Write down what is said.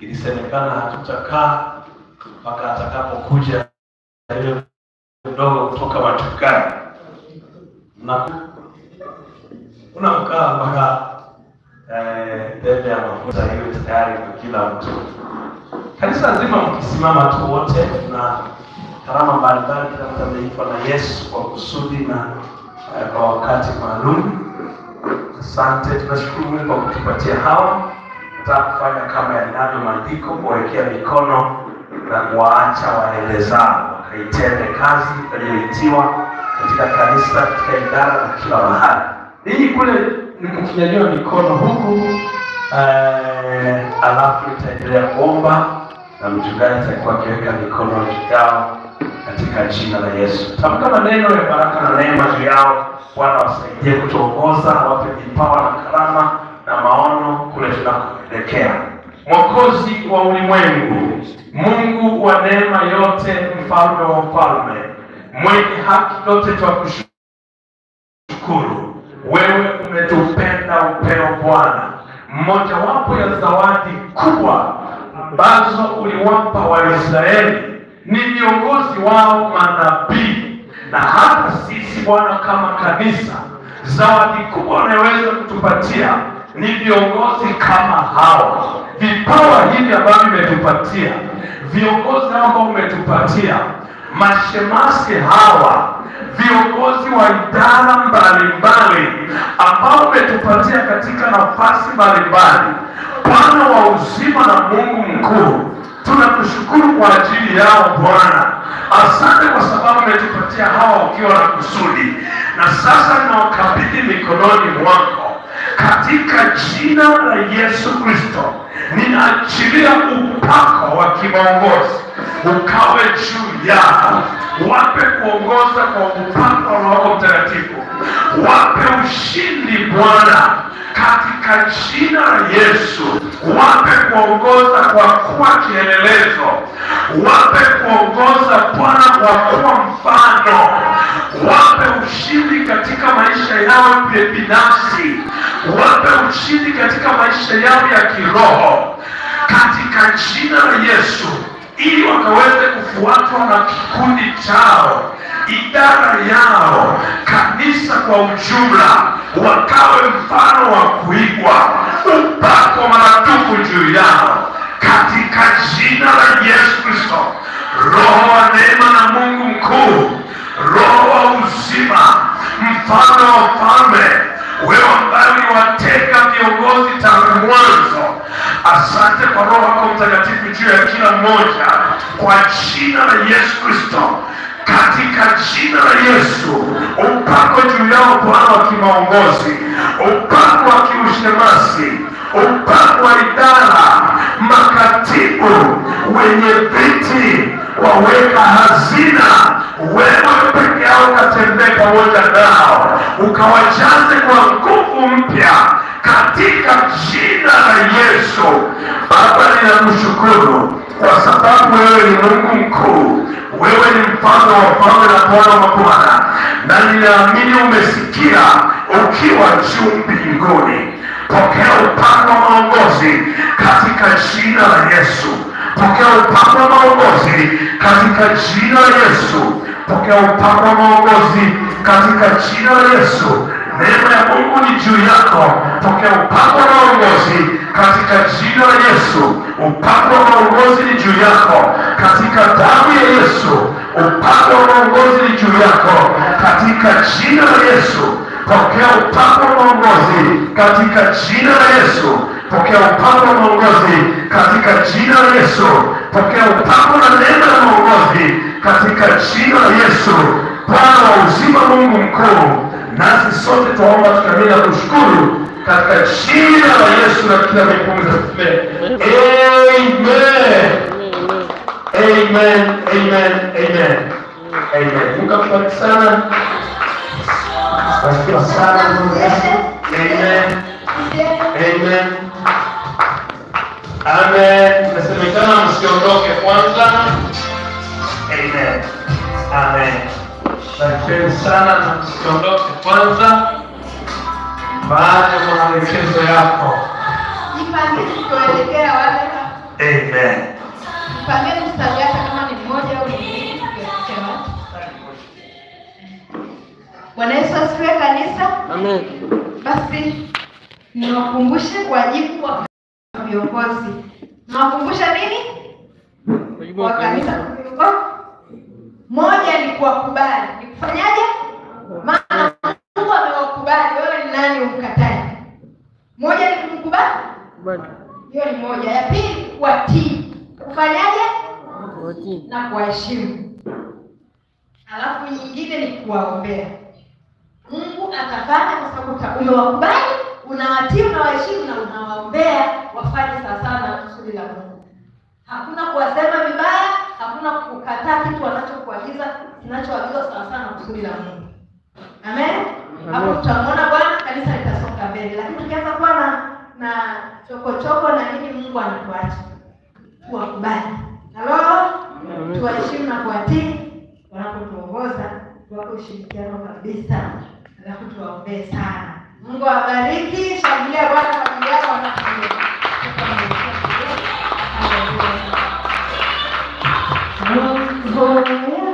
ilisemekana hatutakaa mpaka atakapokuja yule mdogo kutoka matukani, na unamkaa mpaka pembe eh, ya mafuta hiyo tayari kwa kila mtu. Kanisa nzima mkisimama tu wote, na karama mbalimbali, kila mtu ameitwa na Yesu kwa kusudi na eh, kwa wakati maalum. Asante, tunashukuru Mungu kwa kutupatia hawa Mtaka kufanya kama yanavyo maandiko, kuwekea mikono na kuwaacha waende zao wakaitende kazi walioitiwa katika kanisa, katika idara na kila mahali. Ninyi kule mkinyanyua mikono huku eh, alafu itaendelea kuomba na mchungaji atakuwa akiweka mikono yao katika jina la Yesu. Tamka maneno ya baraka na neema juu yao. Bwana wasaidie kutuongoza, wape vipawa na karama na maono kule tunakoelekea. Mwokozi wa ulimwengu, Mungu wa neema yote, mfalme wa wafalme, mwenye haki yote, twa kushukuru wewe. Umetupenda upeo Bwana, mmojawapo ya zawadi kubwa ambazo uliwapa Waisraeli ni viongozi wao manabii, na hata sisi Bwana kama kanisa, zawadi kubwa unaweza kutupatia ni viongozi kama hao, vipawa hivi ambavyo vimetupatia viongozi hao ambao umetupatia mashemasi hawa viongozi wa idara mbalimbali ambao umetupatia katika nafasi mbalimbali. Bwana wa uzima na Mungu mkuu, tunakushukuru kwa ajili yao Bwana. Asante kwa sababu umetupatia hawa ukiwa na kusudi, na sasa nawakabidhi mikononi mwako katika jina la Yesu Kristo ninaachilia upako wa kimaongozi ukawe juu yao, wape kuongoza kwa upako wa Roho Mtakatifu, wape ushindi Bwana katika jina la Yesu, wape kuongoza kwa kuwa kielelezo, wape kuongoza Bwana kwa kuwa mfano, wape ushindi katika maisha yao ya binafsi, wape ushindi katika maisha yao ya kiroho katika jina la Yesu ili wakaweze kufuatwa na kikundi chao, idara yao, kanisa kwa ujumla, wakawe mfano wa kuigwa, upako maradufu juu yao, katika jina la Yesu Kristo. Roho wa neema na Mungu mkuu, roho wa uzima, mfano wa falme, wewe ambaye uliwateka Asante kwa Roho wako Mtakatifu juu ya kila mmoja, kwa jina la Yesu Kristo, katika jina la Yesu, upako juu yao Bwana wa kimaongozi, upako wa kiushemasi, upako wa idara, makatibu, wenye viti, waweka hazina, wewe peke yao ukatembee pamoja nao, ukawajaze kwa nguvu mpya katika jina la Yesu. Baba, ninakushukuru kwa sababu wewe ni Mungu mkuu, wewe ni mfano wa mfano na Bwana wa mabwana, na ninaamini umesikia ukiwa juu mbinguni. Pokea upako wa maongozi katika jina la Yesu. Pokea upako wa maongozi katika jina la Yesu. Pokea upako wa maongozi katika jina la Yesu. Neema Mungu ni juu yako, pokea upako wa uongozi katika jina la Yesu. Upako wa uongozi ni juu yako katika damu ya Yesu. Upako wa uongozi ni juu yako katika jina la Yesu. Pokea upako wa uongozi katika jina la Yesu. Pokea upako wa uongozi katika jina la Yesu. Pokea upako na neema ya uongozi katika jina la Yesu. Bwana wa uzima, Mungu mkuu nasi sote tunaomba tukamini na kushukuru katika jina la Yesu na kila mbingu za Amen. Amen. Amen. Amen. Amen. Mungu sana. Asante sana Mungu. Amen. Amen. Amen. Nasemekana msiondoke kwanza. Amen. amém. lakini sana na tusiondoke kwanza, baada ya maelekezo yako. Amen. Bwana Yesu asifiwe kanisa. Amen. Basi niwakumbushe wajibu wa viongozi. Nawakumbusha nini? Wa kanisa kwa moja ni kuwakubali, ni kufanyaje? Maana Mungu amewakubali, wewe ni nani umkatae? Moja ni kumkubali, hiyo ni moja. Ya pili kuwatii, kufanyaje? na kuwaheshimu. Alafu nyingine ni kuwaombea. Mungu atafanya kwa sababu umewakubali, unawatii, unawaheshimu na unawaombea wafanye sawasawa na kusudi la Mungu. Hakuna kuwasema vibaya hakuna kukataa kitu anachokuagiza kinachoagizwa sana sana na kusudi la Mungu. Amen. Hapo tutamwona Bwana, kanisa litasonga mbele, lakini tukianza kuwa na na chokochoko na nini, Mungu anatuacha. Tuwakubali Halo, tuwaheshimu na kuwatii wanapotuongoza, tuwape ushirikiano kabisa, alafu tuwaombee sana. Mungu awabariki. Shangilia Bwana. Gracias.